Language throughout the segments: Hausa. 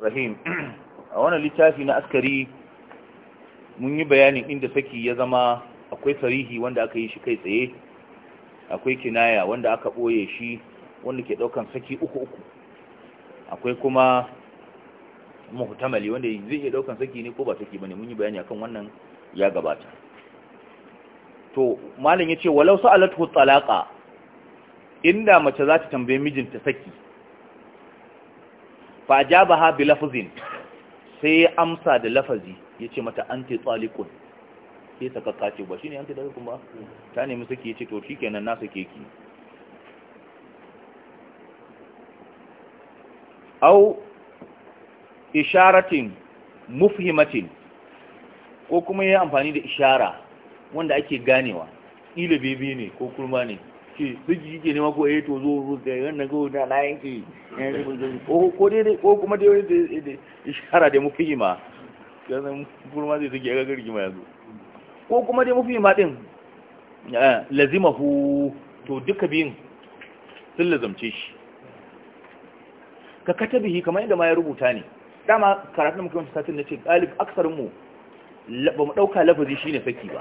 rahim a wannan littafi na askari mun yi bayanin inda saki ya zama akwai sarihi wanda aka yi shi kai tsaye akwai kinaya wanda aka ɓoye shi wanda ke ɗaukan saki uku uku akwai kuma muhtamali wanda zai iya ɗaukan saki ne ko ba saki ba ne mun yi bayani akan wannan ya gabata to malam ya ce walau sa'alatu talaqa inda mace za ta tambaye mijinta saki fa ha bi lafazin sai ya amsa da lafazi ya ce mata anti tsalikun. ke saka kace ba shi an anti taliqun ba ta nemi suke ce to shi na nasa ki au isharatin mufhimatin ko kuma yi amfani da ishara wanda ake ganewa ila bebe ne ko kurma ne ke biji yake ne ko eh to zo ruka wannan go da na yanke eh, ko ko dai ko kuma dai da ishara da mufi ma kasan kuma zai take ga ma yanzu ko kuma dai mufi ma din eh, lazimahu to duka biyun sun lazamce shi ka katabihi kamar yadda ma ya rubuta ne dama karatun muke wancan satin na ce galib aksarinmu ba mu ɗauka lafazi shi ne saki ba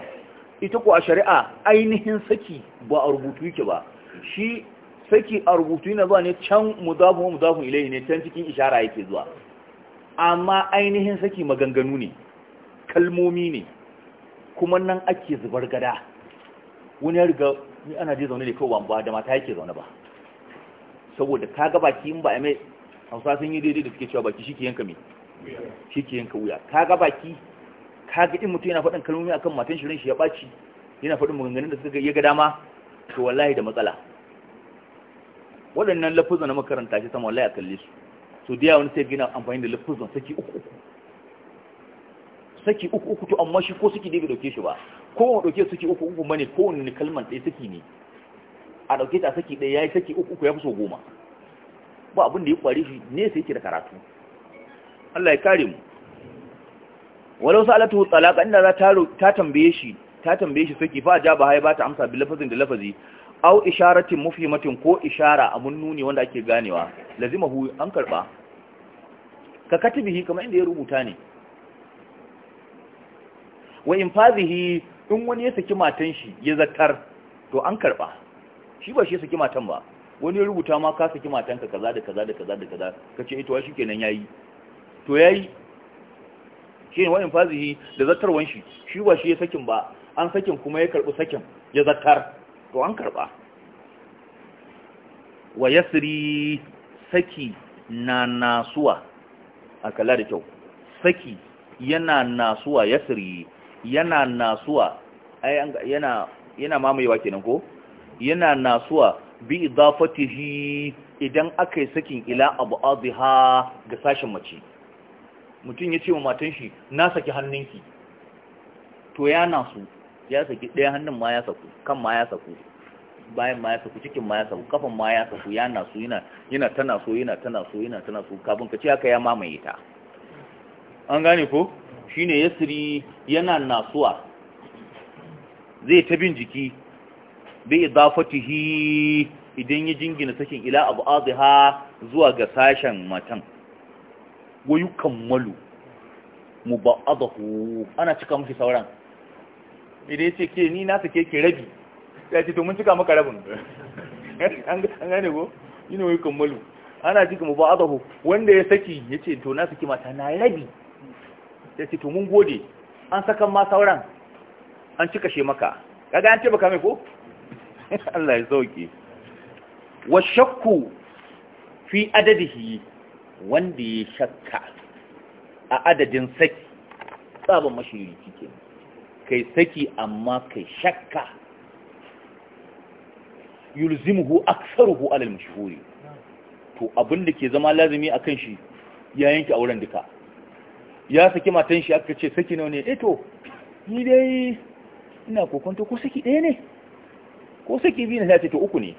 ita ko a shari'a ainihin saki ba a rubutu yake ba shi saki a rubutu yana zuwa ne can wa mudafu ilai ne can cikin ishara yake zuwa amma ainihin saki maganganu ne kalmomi ne kuma nan ake zubar gada wani ya riga ni ana je zaune da kawai ba da mata yake zaune ba saboda ka ga baki in ba a mai hausa sun yi daidai da suke cewa baki shi ke yanka me shi ke yanka wuya ka ga baki kaga in mutum yana faɗin kalmomi akan matan shirin shi ya ɓaci yana faɗin maganganun da suka ya ga dama to wallahi da matsala waɗannan lafuzan na makaranta shi sama wallahi a kalle su to da yawa sai gina amfani da lafuzan saki uku uku saki uku uku to amma shi ko saki da bai dauke shi ba ko wanda dauke saki uku uku bane ko wani kalman ɗaya saki ne a dauke ta saki ɗaya yayi saki uku uku ya fi so goma ba abin da ya kware shi ne sai yake da karatu Allah ya kare mu walau sa'alatu talaqa inda za ta ta tambaye shi ta tambaye shi saki fa ja ba ba ta amsa bil lafazin da lafazi aw isharatin mufhimatin ko ishara abun nuni wanda ake ganewa lazima lazimahu an karba ka katibihi kamar inda ya rubuta ne wa in fazihi in wani ya saki matan shi ya zattar to an karba shi ba shi ya saki matan ba wani ya rubuta ma ka saki matanka kaza da kaza da kaza da kaza kace ito shi kenan yayi to yayi shine wa'in fazihi da zattarwan shi shi ba shi ya sakin ba an sakin kuma ya karbi sakin ya zattar to an karba wa yasri saki na nasuwa a kalla da kyau saki yana nasuwa yasri yana nasuwa yana yana mamayewa kenan ko yana nasuwa bi idafatihi idan aka yi sakin ila abu aziha ga sashen mace mutum ya ce wa matan shi na saki hannunki to ya nasu ya saki ɗaya hannun ma ya saku kan ma ya saku bayan ma ya saku cikin ma ya saku kafan ma ya saku ya nasu yana yana tana so yana tana so yana tana so kafin ka ce haka ya mamaye ta an gane ko shine yasri yana nasuwa zai ta bin jiki bi idafatihi idan ya jingina sakin ila abu ha zuwa ga sashen matan wa yukammalu mubaadahu ana cika miki sauran idan ce ke ni na sake ke rabi ya ce to mun cika maka rabin an gane ko yi ne wa yukammalu ana cika mubaadahu wanda ya saki yace to na saki mata na rabi ya ce to mun gode an saka ma sauran an cika she maka kaga an ce baka mai ko Allah ya sauke wa shakku fi adadihi wanda ya shakka a adadin saki tsaban mashiriki ke kai saki amma kai shakka yulzimuhu aksaruhu alal mashhuri to abin da ke zama lazimi akan shi ya yanke auren duka ya saki matan shi aka ce saki nawa ne eh to ni dai ina kokonto ko saki ɗaya ne ko saki biyu na ta ce to uku ne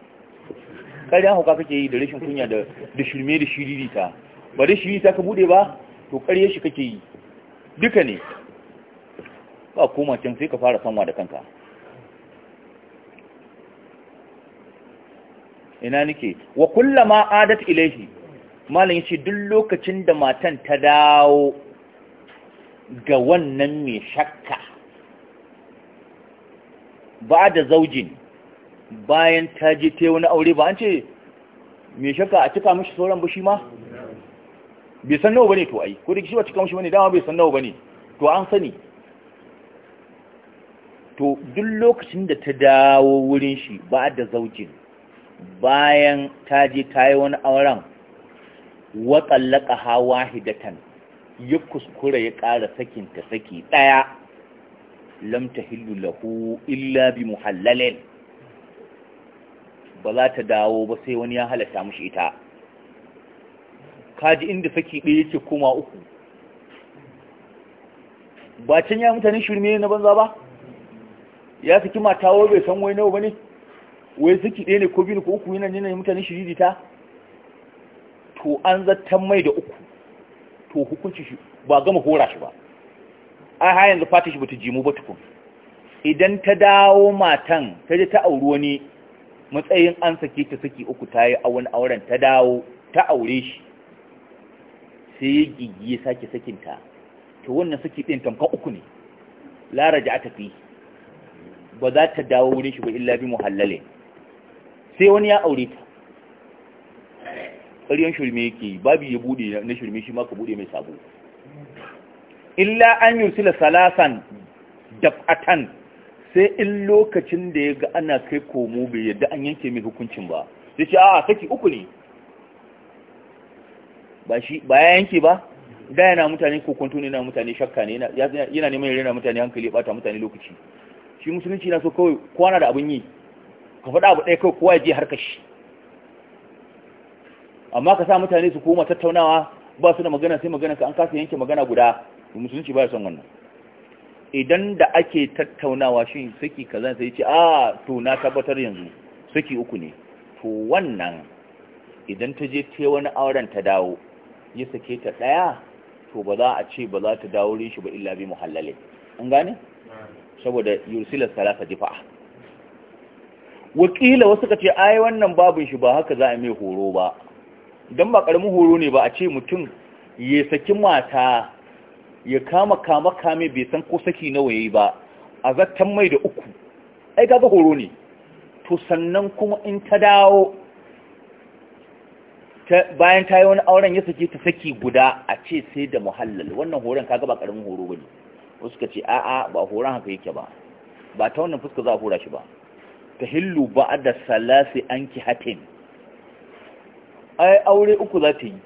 ƙarya hauka kake yi da rashin kunya da shirme da shiririta ba da ta ka bude ba to ƙarya shi kake yi duka ne ba koma can sai ka fara samuwa da kanka ina nike. wa ma adat ilaihi malam shi duk lokacin da matan ta dawo ga wannan mai shakka ba da zaujin bayan ta je ta wani aure ba an ce mai shakka a cika mashi sauran ba shi ma bai san nawa ba ne to ai ko da kishi ba cika ba ne dama bai san nawa ba ne to an sani to duk lokacin da ta dawo wurin shi ba da zaujin bayan ta je ta yi wani auren watsallaka hawa hidatan ya kuskura ya ƙara sakinta saki ɗaya lamta hillu lahu illa bi muhallalin ba za ta dawo ba sai wani ya halatta mushi ita kaji inda saki ɗaya yake koma uku ba can ya mutane shirme na banza ba ya saki mata wa bai san wai nawa ba ne wai saki ɗaya ne ko biyu ko uku yana nuna mutane shiriri ta to an zartan mai da uku to hukunci shi ba gama hora shi ba ai ha yanzu fata shi bata jimu ba tukun idan ta dawo matan ta je ta auri wani matsayin an sake ta saki uku ta yi awon auren ta dawo ta aure shi sai ya gigi ya sake sakinta to wannan saki ɗin tamkan uku ne laraja a tafi ba za ta dawo wurin shi ba illa bi muhallale sai wani ya aure ta ƙaryon shirme yake babu ya bude na shirme shi maka bude mai sabo illa an yursila salasan daf'atan sai in lokacin da ya ga ana kai komo bai yadda an yanke mai hukuncin ba zai ce a saki uku ne ba ya yanke ba da yana mutane kokonto ne na mutane shakka ne yana neman yana mutane hankali bata mutane lokaci shi musulunci na so kawai kwana da abin yi ka faɗa abu ɗaya kawai kowa ya je harkar shi amma ka sa mutane su koma tattaunawa ba su da magana sai magana ka an kasa yanke magana guda musulunci ba ya son wannan idan da ake tattaunawa shi saki kaza sai ce a ah, to na tabbatar yanzu saki uku ne to wannan idan ta je ta wani auren ta dawo ya sake ta daya to ba za a ce ba za ta dawo rin shi ba illa bi muhallale an gane saboda yursila salasa difa wakila wasu ka ce ai wannan babun shi ba haka za a mai horo ba dan ba karamin horo ne ba a ce mutum ya saki mata ya kama kama kame bai san ko saki nawa yayi ba a zattan mai da uku ai ga horo ne to sannan kuma in ta dawo bayan ta yi wani auren ya saki ta saki guda a ce sai da muhallal wannan horon kaga ba karamin horo bane wasu suka ce a'a ba horon haka yake ba ba ta wannan fuska za a hora shi ba ta hillu ba da salasi an hatin ai aure uku za ta yi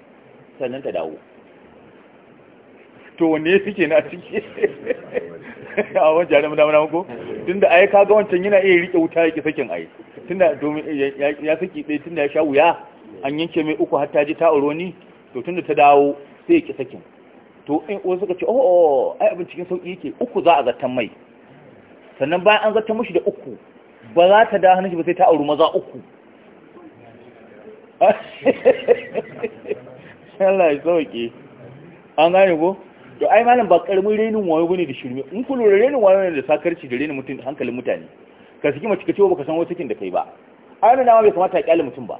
sannan ta dawo to wanne yafi na a ciki a wancan da muna ko tunda ayi kaga wancan yana iya rike wuta yake sakin tun tunda domin ya saki tun tunda ya sha wuya an yanke mai uku har ta ji ta uroni to to tunda ta dawo sai ya ki sakin to in wasu suka ce oh oh, oh ai abin cikin sauki yake uku za a zartan mai sannan bayan an zartan mashi da uku ba za ta da hannun shi ba sai ta auri maza uku Allah ya sauke an gane ko to ai malam ba karamin renin wayo bane da shirme in ku lura renin wayo ne da sakarci da renin mutum hankalin mutane ka saki mace ka ce baka san wata kin da kai ba ai na ma bai kamata ya kyale mutum ba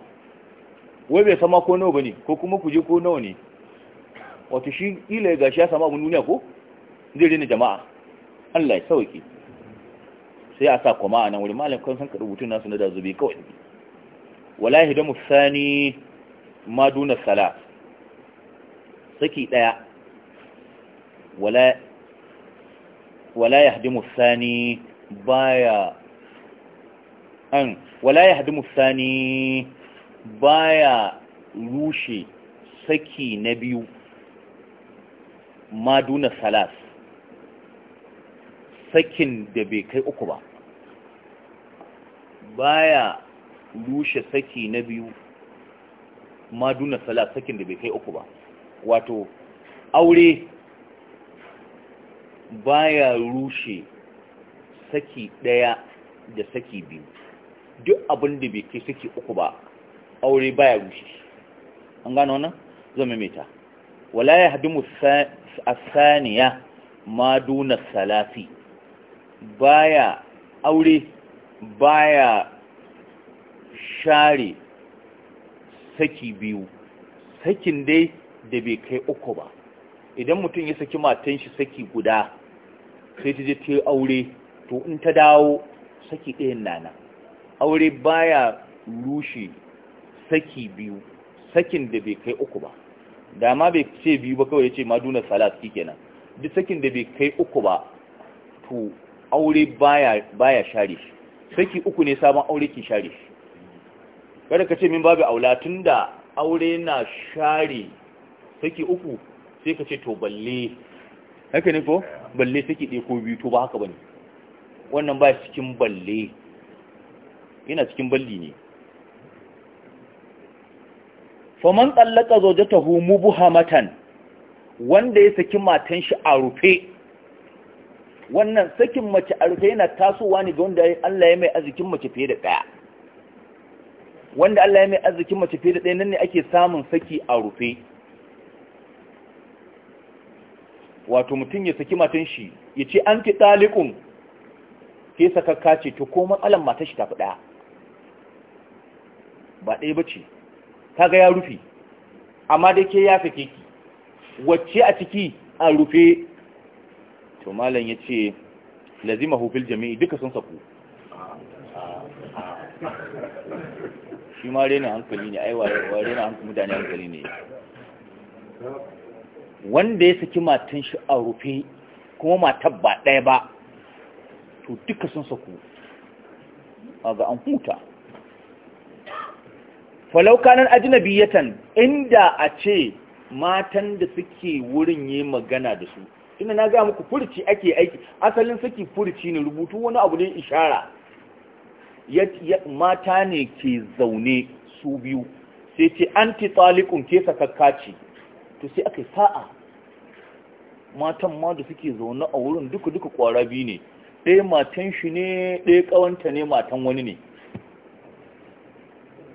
wai bai sama ko nawa bane ko kuma ku je ko nawa ne wato shi ila gashi ya samu abun duniya ko zai rena jama'a Allah ya sauke sai a sa kuma a nan wuri malam kan san ka rubutun nasu na da zube kawai wallahi da musani ma duna sala saki daya wala wala yahdimu sani baya an rushe saki na biyu sakin da bai kai uku ba baya rushe saki na biyu maduna salas sakin da bai kai uku ba wato aure baya rushe saki ɗaya da saki biyu duk abin da bai kai saki uku ba aure baya rushe an gano nan zama meta wala ya hadu asaniya ma duna salafi baya aure baya share saki biyu sakin dai da bai kai uku ba idan mutum ya saki matan shi saki guda sai ta je ta aure to in ta dawo saki ɗayan nana aure baya rushe saki biyu sakin da bai kai uku ba dama bai ce biyu ba kawai ya ce maduna salat kenan duk sakin da bai kai uku ba to aure baya baya share shi saki uku ne sabon aure ki share shi kada ka ce min babu aula tunda aure na share saki uku sai ka ce to balle haka ne ko balle saki ɗaya ko biyu to ba haka bane wannan ba cikin balle yana cikin balli ne faman tsallaka zawjatahu mubhamatan wanda ya saki matan shi a rufe wannan sakin mace a rufe yana tasowa ne ga wanda Allah ya mai arzikin mace fiye da daya wanda Allah ya mai arzikin mace fiye da daya nan ne ake samun saki a rufe wato mutum ya saki matan shi ya ce an ki ɗalikun ke sakakka ce to ko matsalan matan shi tafi ɗaya ba ɗaya ba ce Ta ga ya rufe amma dai ke ya sake ki wacce a ciki a rufe to malam ya ce lazima hufil jami'i duka sun saku shi ma rena hankali ne aiwa rena hankali mutane hankali ne wanda ya saki matan shi a rufe kuma matan ba ɗaya ba to duka sun saku ga an huta falaukanan ajinabiyatan inda a ce matan da suke wurin yi magana da su ina na gaya muku furci ake aiki asalin suke furci ne rubutu wani abu ne ishara mata ne ke zaune su biyu sai ce anti tsalikun ke sakakka ce to sai aka yi sa'a matan ma da suke zaune a wurin duka duka kwara biyu ne ɗaya matan shi ne ɗaya ƙawanta ne matan wani ne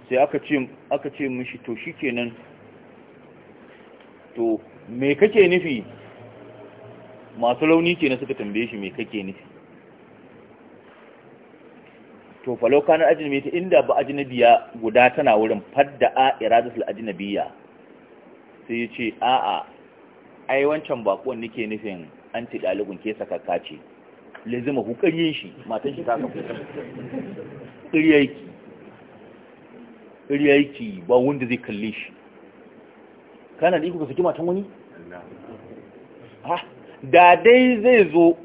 sai aka ce mishi to shi kenan to me kake nufi masu launi ke na suka tambaye shi me kake nufi to falauka na ajinabi ta inda ba ajinabiya guda tana wurin fadda a iradatul ajinabiya sai ya ce a'a ai wancan bakon nake nufin anti dalibin ke sakakka ce lazima ku ƙaryen shi matan shi ta kafu ƙaryaiki ƙaryaiki ba wanda zai kalle shi kana da iko ka saki matan wani da dai zai zo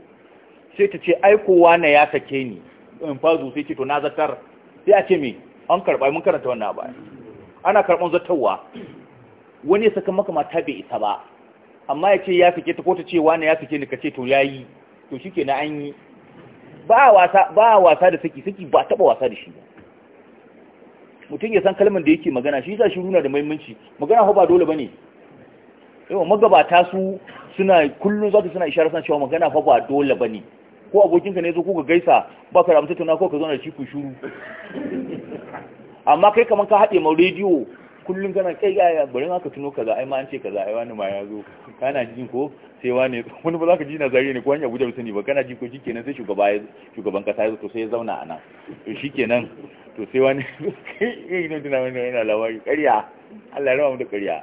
sai ta ce aikowa na ya sake ni in fazo sai ce to na zartar sai a ce me an karɓa mun karanta wannan ba ana karɓan zatarwa wani ya saka maka mata bai isa ba amma ya ce ya fike ta ko ta ce ya fike ni ka ce to yayi to shike na an yi ba wasa ba wasa da saki saki ba taba wasa da shi ba mutum ya san kalmar da yake magana shi yasa shi runa da muhimmanci magana ba dole bane yawa magabata su suna kullun zaka suna isharar san cewa magana fa ba dole bane ko abokinka ne zo ko ka gaisa ba ka ramta tuna ko ka zo na shi ku shuru amma kai kaman ka haɗe ma rediyo kullum gana kai yaya bari ma ka tuno kaza ai ma an ce kaza ai wani ma ya zo kana jin ko sai wani wani ba za ka ji na zare ne ko hanya gujar sani ba kana jin ko shikenan sai shugaba ya shugaban kasa ya zo to sai ya zauna a nan to shikenan to sai wani kai ne tuna wani yana labari ƙarya Allah ya rawa mu da ƙarya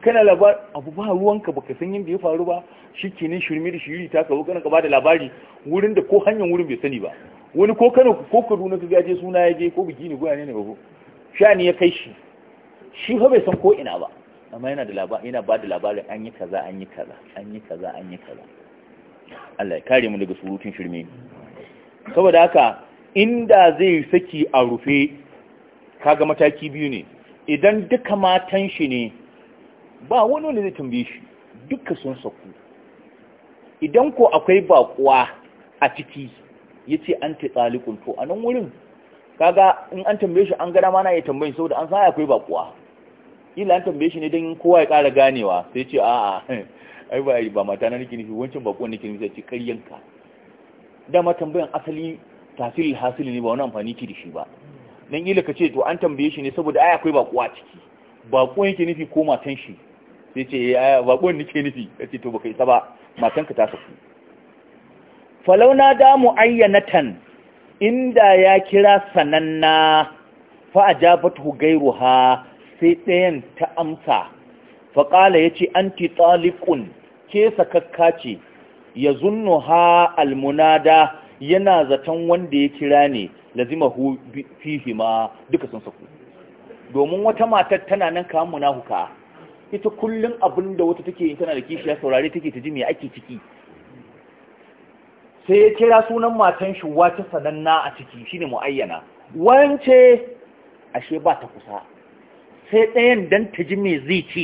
kana labar abu ba ruwanka baka san yadda ya faru ba shikenan shirme da shiri ta kawo kana ka bada labari wurin da ko hanyar wurin bai sani ba wani ko Kano ko Kaduna ka gaje suna ya je ko biki ne goya ne ne ba ko ni ya kai shi shi fa bai san ko ina ba amma yana da labarin yana ba da labarin an yi kaza an yi kaza an yi kaza an yi kaza Allah ya kare mu daga surutun shirme saboda haka inda zai saki a rufe kaga mataki biyu ne idan duka matan shi ne ba wani ne zai tambaye shi duka sun saku idan ko akwai bakuwa a ciki yace ta tsalikun to a nan wurin kaga in an tambaye shi an ga dama na ya tambaye saboda an sa akwai bakuwa kila an tambaye shi ne don kowa ya ƙara ganewa sai ce a'a ai ba ba mata na nake nufi wancan bako nake nufi sai ce karyanka dama tambayan asali tasiri hasili ne ba wani amfani ki da shi ba dan kila ka ce to an tambaye shi ne saboda ai akwai bako a ciki bako yake nufi ko matan shi sai ce ai eh, bako nake nufi sai to baka isa ba matanka ta saku falauna da mu'ayyanatan inda ya kira sananna fa ajabatu gairuha sai ɗayan ta amsa faƙala ya ce anti tsalikun ke sakakka ce ya zunnu ha almunada yana zaton wanda ya kira ne lazimahu fihi ma duka sun saku domin wata matar tana nan kamun munahuka ita kullum abin da wata take tana da kishiya saurare take ta ji me ake ciki sai ya kira sunan matan shi wata sananna a ciki shine muayyana wance ashe ba ta kusa sai ɗayan don ta ji mai zai ce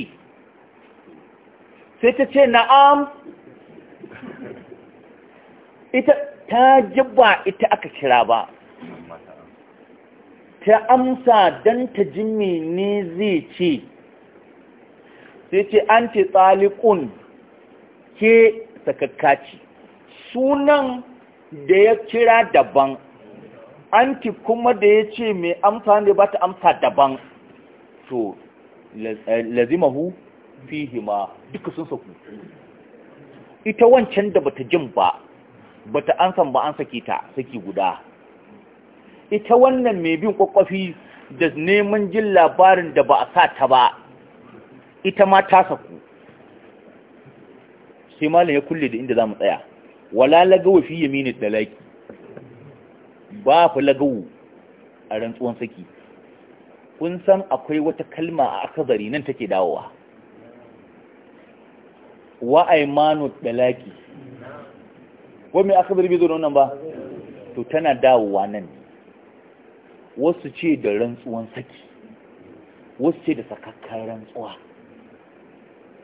sai ta ce na'am ita ta ji ba ita aka kira ba ta amsa don ta ji ne zai ce sai ce an ce tsalikun ke sakakkaci sunan da ya kira daban anti kuma da ya ce mai amsa ne ba ta amsa daban to eh, lazimahu fihima duka sun saku ita wancan da bata jin ba bata ansan ba an saki ta saki guda ita wannan mai bin kwakwafi da neman jin labarin da ba a sa ta ba ita ma ta saku sai malam ya kulle da inda za mu tsaya wala lagawa fi yamini dalaki. ba fa lagawu a rantsuwan saki kun san akwai wata kalma a akazari nan take dawowa wa dalaki ko me akazari bai zo da wannan ba to tana dawowa nan wasu ce da rantsuwan saki wasu ce da sakakkan rantsuwa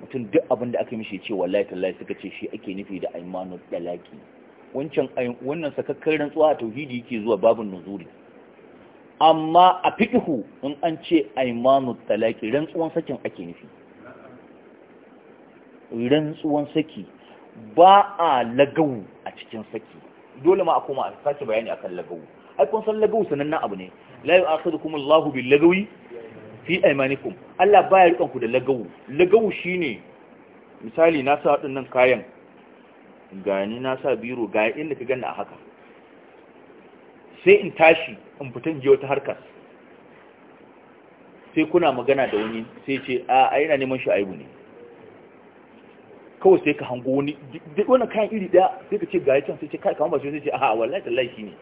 mutum duk abin da aka mishi ce wallahi tallahi suka ce shi ake nufi da aimanu dalaki wancan wannan sakakkan rantsuwa a tauhidi yake zuwa babin nuzuri amma a fiƙihu in an ce aimanu talaki rantsuwan sakin ake nufi rantsuwan saki ba a lagawu a cikin saki dole ma a koma a sake bayani akan lagawu ai kun san lagawu sanannen abu ne layu sadu kuma Allahu bin lagawi fi Allah baya rikan ku da lagawu lagawu shine misali na sa waɗannan kayan gani na sa biro ga inda ka ganna a haka sai in tashi in fita je wata harkar sai kuna magana da wani sai ce a aina neman shu'aibu ne kawai sai ka hango wani duk kayan iri daya sai ka ce ga can sai ce kai kamar ba shi sai ce a wallahi shi ne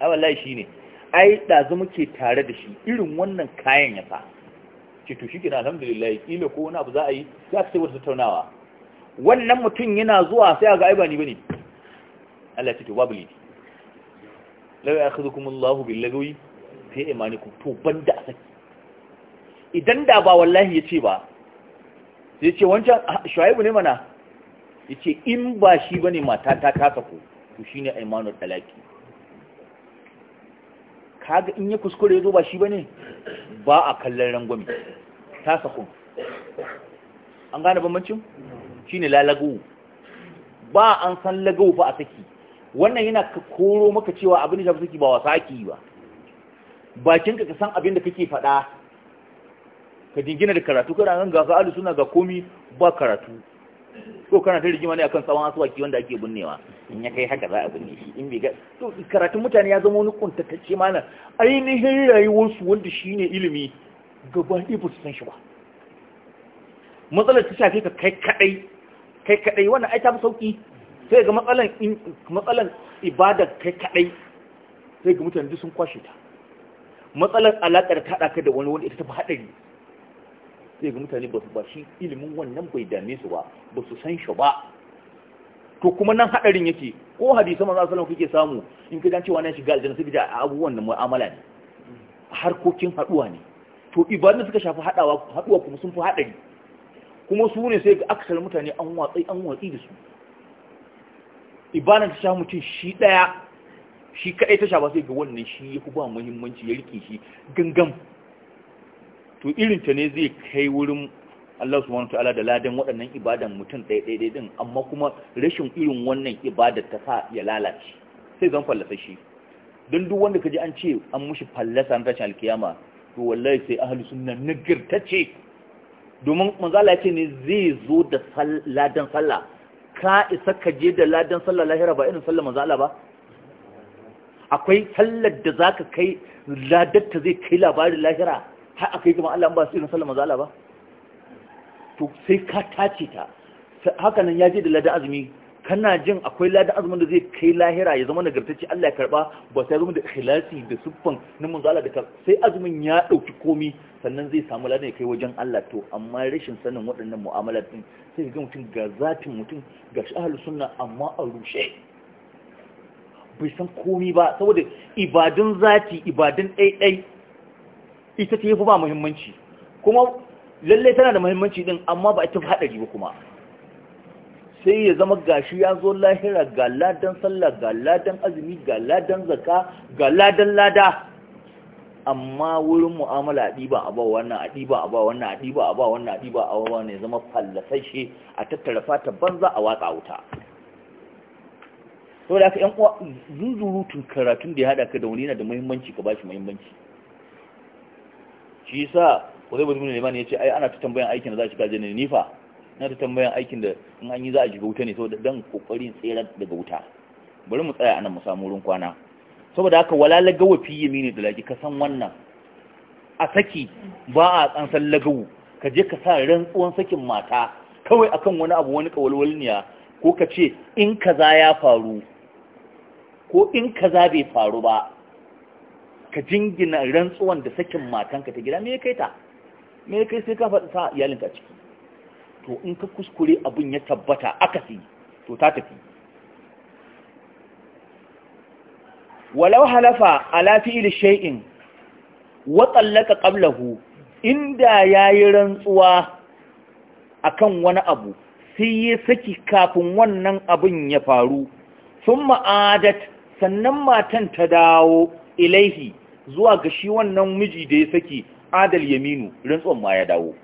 a wallahi shine ai ɗazu muke tare da shi irin wannan kayan ya sa ce to ke na alhamdulillah ila ko wani abu za a yi za ka sai wata tattaunawa wannan mutum yana zuwa sai a ga ni ba ne? bane Allah ya ce to babu lidi lau ya kazu kuma Allahu bin ta yi imanikum to ban da a saki idan da ba wallahi ya ce ba ya ce wancan ah, shu'aibu ne mana ya ce in ba shi ba ne mata ta kasa ku to shi ne aimanar talaki kaga in ya kuskure ya zo ba shi ba ne ba a kallon rangwami ta sakun an gane bambancin shi ne lalagu ba an san lagau ba a saki wannan yana koro maka cewa abin da suke ba wasa ake yi ba bakin ka san abin da kake faɗa ka jingina da karatu kana nan ga fa'alu suna ga komi ba karatu ko kana ta rigima ne akan tsawon asuwaki wanda ake binnewa in ya kai haka za a binne shi in bai ga to karatun mutane ya zama wani kuntatacce mana ainihin rayuwarsu wanda shine ilimi gaba ɗaya ba su san shi ba matsalar ta shafe ka kai kaɗai kai kaɗai wannan ai ta fi sauƙi sai ga matsalan ibada kai kadai sai ga mutane sun kwashe ta matsalan alaƙar ta haɗa ka da wani wani ita ta fi haɗari sai ga mutane ba su bashi ilimin wannan bai dame su ba ba su san shi ba to kuma nan haɗarin yake ko hadisa manzo sallallahu alaihi kake samu in ka dan cewa na shiga aljanna sai a abubuwan da mu'amala ne harkokin haɗuwa ne to ibadun suka shafi haɗawa haɗuwa kuma sun fi haɗari kuma su ne sai ga aksar mutane an watsi an watsi da su ibana ta sha mutum shi ɗaya shi kaɗai ta sha ba sai ga wannan shi ya fi ba muhimmanci ya rike shi gangan to irin ne zai kai wurin Allah subhanahu ta'ala da ladan waɗannan ibadan mutum ɗaya ɗaya ɗin amma kuma rashin irin wannan ibadar ta sa ya lalace sai zan fallasa shi don duk wanda ka kaji an ce an mushi fallasa na tashin alkiyama to wallahi sai Suna sunna nagartace domin manzala ya ce ne zai zo da ladan sallah ka isa ka je da ladan sallar lahira ba irin sallar mazaala ba akwai sallar da za ka kai ladar ta zai kai labarin lahira har yi kuma Allah ba su irin sallar ba to sai ka tace ta hakanan ya je da ladan azumi kana jin akwai ladan azumin da zai kai lahira ya zama nagartacci Allah ya karba ba sai zama da ikhlasi da siffan na da sai azumin ya dauki komi sannan zai samu ladan ya kai wajen Allah to amma rashin sanin waɗannan mu'amalar din sai ga mutum ga zatin mutum ga ahlus sunna amma a rushe bai san komi ba saboda ibadun zati ibadun ɗaiɗai ita ta yi fi ba muhimmanci kuma lallai tana da muhimmanci din amma ba ita fi haɗari ba kuma sai ya zama gashi ya zo lahira ga ladan sallah ga ladan azumi ga ladan zaka ga ladan lada amma wurin mu'amala a ɗiba a ba wannan a ɗiba a ba wannan a ɗiba a ba wannan a ɗiba a ba Ya zama fallasashe a tattara fata banza a watsa wuta to da aka yan zunzuru tun karatun da ya haɗa ka da wani yana da muhimmanci ka bashi muhimmanci shi yasa wazai bazmin ne ya ce ai ana ta tambayan aikin da za a shiga jini nifa na ta tambayan aikin da in an yi za a shiga wuta ne saboda dan kokarin tsere daga wuta bari mu tsaya anan mu samu wurin kwana saboda haka wala lagawa fi yamini da laki ka san wannan a saki ba a tsansan lagawu ka je ka sa rantsuwan sakin mata kawai akan wani abu wani kawalwalniya ko ka ce in kaza ya faru ko in kaza bai faru ba ka jingina rantsuwan da sakin matanka ta gida me kai ta me kai sai ka faɗi sa iyalinka ciki to in ka kuskure abin ya tabbata aka fi to ta tafi walau halafa a lafi shay'in wa tsallaka qablahu inda yi rantsuwa a kan wani abu sai ya saki kafin wannan abin ya faru sun ma'adat sannan matan ta dawo ilaihi zuwa ga shi wannan miji da ya saki adal yaminu rantsuwan ma ya dawo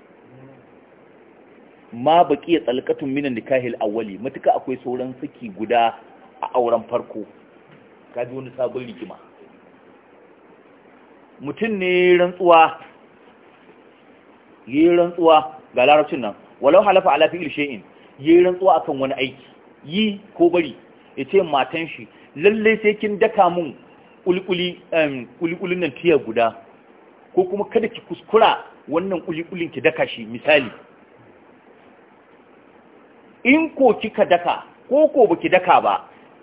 ma baki ya tsalkatun minan nikahil awwali mutuka akwai sauran saki guda a auren farko Ka ji wani sabon rigima mutum ne rantsuwa yi rantsuwa ga larabcin nan walau halafa ala fi'il shay'in yi rantsuwa akan wani aiki yi ko bari yace matan shi lallai sai kin daka mun kulikulin nan tiya guda ko kuma kada ki kuskura wannan kulikulin ki daka shi misali in ko kika daka ko ko baki daka ba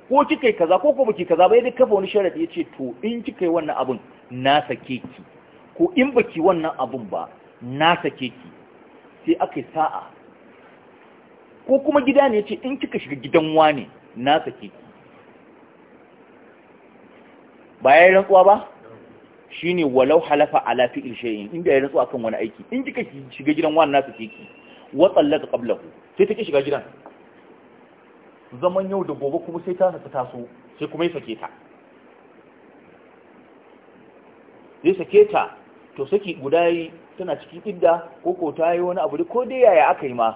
ko kika kaza ko ko baki kaza ba yadda kafa wani sharadi yace to in kika yi wannan abun na sake ki ko in baki wannan abun ba na sake ki sai aka yi sa'a ko kuma gida ne yace in kika shiga gidan wani na sake ki ba yayin rantsuwa ba shine walau halafa ala fi'il shay'in inda ya rantsuwa kan wani aiki in kika shiga gidan wani na sake ki wa tsallaka qablahu sai ta ƙi shiga gidan zaman yau da gobe kuma sai ta ta taso sai kuma ya sake ta ya sake ta to saki guda yi tana cikin idda ko ko ta yi wani abu da ko dai yaya aka yi ma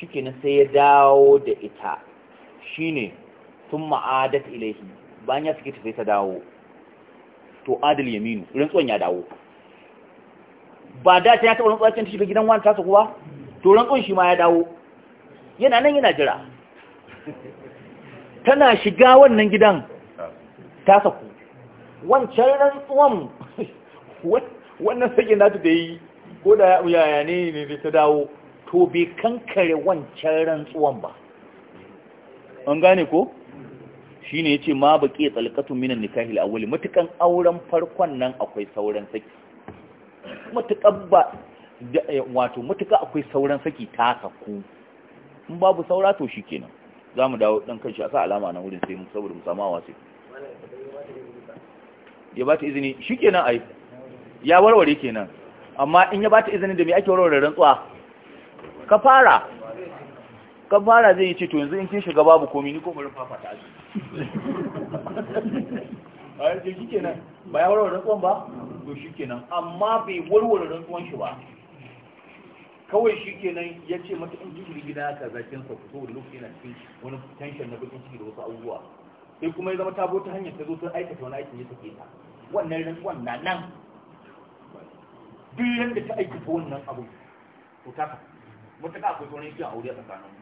shikenan sai ya dawo da ita shine sun ma'adata ilaihi bayan ya sake ta sai ta dawo to adil yaminu rintsuwan ya dawo ba da ta ya taɓa rantsuwa ta shiga gidan wani tasa kuwa turan ƙunshi shi ma ya dawo yana nan yana jira tana shiga wannan gidan ta saku wancan rantsuwan wannan sakin nata da yi ko da yaya ne ne ta dawo to bai kankare wancan rantsuwan ba an gane ko shi ne ya ce ma ke tsalkatun minan nikahil wuli matukan auren farkon nan akwai sauran saki matukan ba Eh, wato mutuka akwai sauran saki ta sakku in babu saura to shi kenan za mu dawo ɗan kan shi a sa alama na wurin sai mu saboda mu samu awa sai ya ba ta izini shi kenan ai ya warware kenan amma in ya ba ta izini da mai ake warware rantsuwa ka fara ka fara zai yi ce to yanzu in kin shiga babu komi ni ko bari fafata aji a shi kenan ba ya warware rantsuwan ba to shi kenan amma bai warware rantsuwan shi ba kawai shi kenan ya ce mata in ji gida ka zakin sa fito da lokaci yana cikin wani tension na bakin ciki da wasu abubuwa sai kuma ya zama ta bota hanyar ta zo ta aikata wani aikin ya take ta wannan ran wannan nan duk da ta aikata wannan abu to ta ka mutaka akwai wani shi a aure a tsakanin